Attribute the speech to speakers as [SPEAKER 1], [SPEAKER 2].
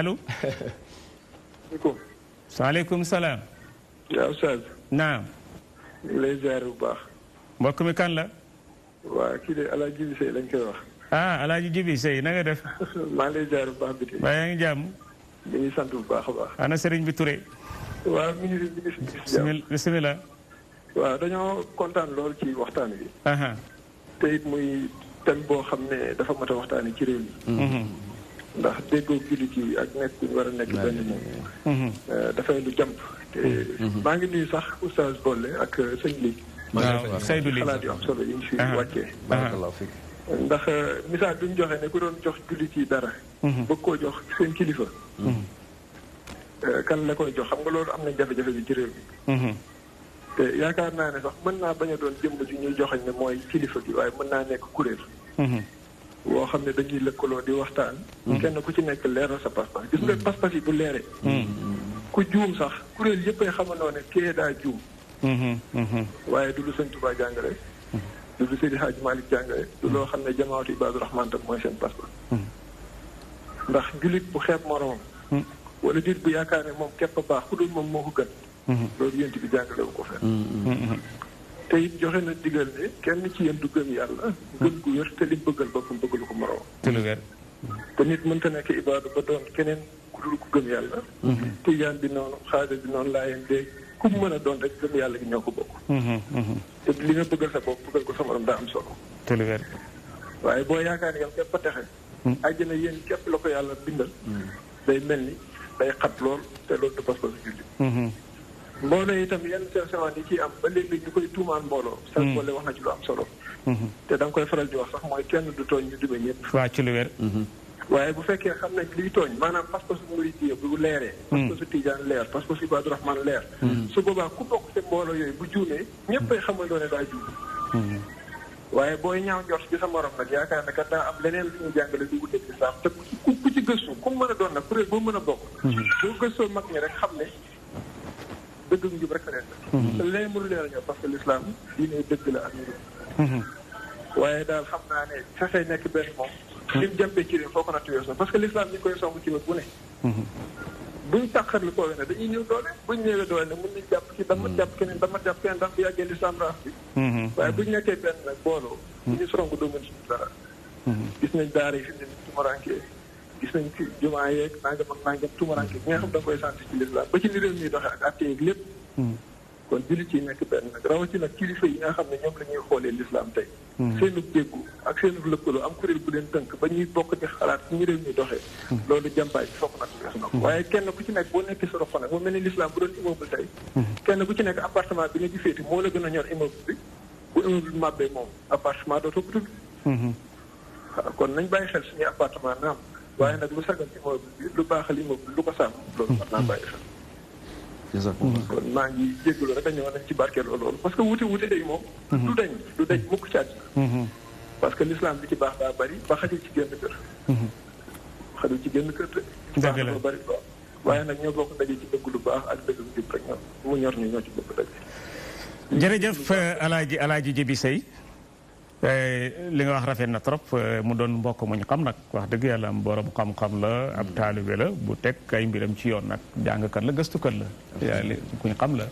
[SPEAKER 1] allo. maaleykum. salaam. yaa Oustaz. naam. ñu lay ziar bu baax. mbokk mi kan la. waa kii de El Hadj Jibi Sey lañ koy wax. ah El Jibi Sey na nga def. maa lay ziar bu baax bi de. waaye yaa ngi jàmm. ñu ngi sant bu baax a baax. ana Serigne bi Touré. waa mi ngi mi si jàmm bisimilah. waaw dañoo kontaan lool ci waxtaan wi. te muy thème boo xam ne dafa mat a waxtaanee ci réew mi. Mhm. ndax déggoo jullit yi ak nekk bu war a nekk benn moom. Mhm. Euh, dafay lu jàmp. te mhm. maa ngi nuyu sax oustaz Bolle ak euh, sëñ Ly. waaw Seydou Ly xalaat di am solo yi ñu fi uh-huh. wàccee. Uh-huh. ndax euh, misaal bi ñu joxe ne ku doon jox jullit yi dara. Mhm. bëgg koo jox seen kilifa. kan la koy jox xam nga loolu am na jafe-jafe bi ci réew te yaakaar naa ne sax mën naa bañ a doon jëmm ji ñuy joxañ ne mooy kilifa gi waaye mën naa nekk kuréel. woo xam ne dañuy lëkkaloo di waxtaan. Mm-hmm. kenn ku ci nekk leeral sa pas-pas gis nga mm-hmm. pas-pas yi bu leeree. Mm-hmm. ku juum sax kuréel yëppay xamandoo ne kee daa juum. waaye du lu sëñ Tuubaa jàngale. du lu Seydi Hadj Malick jàngale. du loo xam ne jamaatu Ibaadu Rahmaan tam mooy seen pas-pas. ndax jullit bu xeeb moromam. wala jullit bu yaakaar ne moom képp baax ku dul moom moo ko gën. loolu yéen bi jàngale ko fenn. te it joxe na digal ne kenn ci yéen du gëm yàlla. gëm gu wér te li bëggal boppam bëggalu ko moroom. te lu wér. te nit mënta nekk ibaadu ba doon keneen ku dul gëm yàlla. Mhm. tijaan bi noonu xaadir bi noonu laayeen de ku mu mën a doon rek gëm yàlla gi ñoo ko bokk. Mhm, mhm. te li nga bëggal sa bopp bëggal ko sa moroom daa am solo. te lu wér. waaye boo yaakaar ne yow képp a texe. àjjana yéen képp la ko yàlla bindal. day mel ni day xat lool te loolu du pas-pas jullit. mbooloo itam yenn seen sewaan yi ciy am ba léegi ñu koy tuumaan mbooloo. Hmm. sànq wala wax na ci lu am solo. Hmm. te da koy faral di wax sax mooy kenn du tooñ ñu diba ñëpp. Hmm. waaye bu fekkee xam ne liy tooñ maanaam parce que su murid yi leer parce que su Ibadu Rahman leer. su boobaa ku bokk ci mbooloo yooyu bu juumee ñëpp ay xamandoo ne daa juum. waaye booy ñaaw njort ci sa morom nag yaakaar ne ka daa am leneen lu ñu jàngale du wuteeg ci saaf te ku ci gëstu ku mën a doon nag kuréel boo mën a bokk. rek xam ne dëgg njub rek rek la. léegi mënu leen a ñëw parce que l'islam diine dëgg la ak njub. Mhm. waaye daal xam naa ne fexe nekk benn moom. Mhm. lim jàppee ci leen foo ko nattuwee sax parce que l'islam ñu koy song ci bët bu ne. Mhm. buñ tàqarlu koo ne dañuy ñëw doole buñ ñëwee doole ne mën jàpp ci dama jàpp keneen dama jàpp keneen ndax bu yàggee l'islam raaf bi. waaye buñ nekkee benn nag booloo. bu ñu song doo dara. gis nañ daara yi fi mu ne gis nañ ci jumaa yeeg nangam ak nangam tumaranke bi nga xam da nga koy sentir ci lislaam ba ci li réew mi doxee ak atte yeeg lépp hmm. kon jullit yi nekk benn nag rawatina kilifa yi nga xam ne ñoom la ñuy xoolee lislaam tey hmm. seenu déggu bu leen tënk ba ñuy bokk di xalaat ñu réew mi doxee hmm. loolu jàmbaay bi foog nag wees kenn ku ci nekk boo nekkee sa roxo nag mu mel ni lislaam bu doon immeuble tey kenn ku ci nekk appartement bi nga ci féeti moo la gën a ñor immeuble bi bu immeuble màbbee moom appartement dootoo ko tudd waaw kon nañ bàyyi waaye nag lu sagal immeuble bi lu baaxal immeuble lu ko sàmm. loolu war naa bàyyi xel. maa ngi jégalu rek a ñëw nañ ci barke loolu parce que wuute wuute day moom. Mhm. du dañ du dañ mukk ci mhm. parce que lislaam bi ci baax daa bari ba xajul ci génn kër. Mhm. xajul ci génn kër de. baax na bari lool waaye nag ñoo bokk daje ci dëgg lu baax ak dëgg lu jub rek ñor ñu ñoo ci bokk daje. jërëjëf euh, Alaaji Alaaji Jibi Sey Eh, li nga wax rafet na trop eh, mu doon mbokk mu ñu xam nag wax dëgg yàlla am borom xam-xam la ab hmm. taalibe la bu teg ay mbiram ci yoon nag jàngkat la gëstukat la ku xam la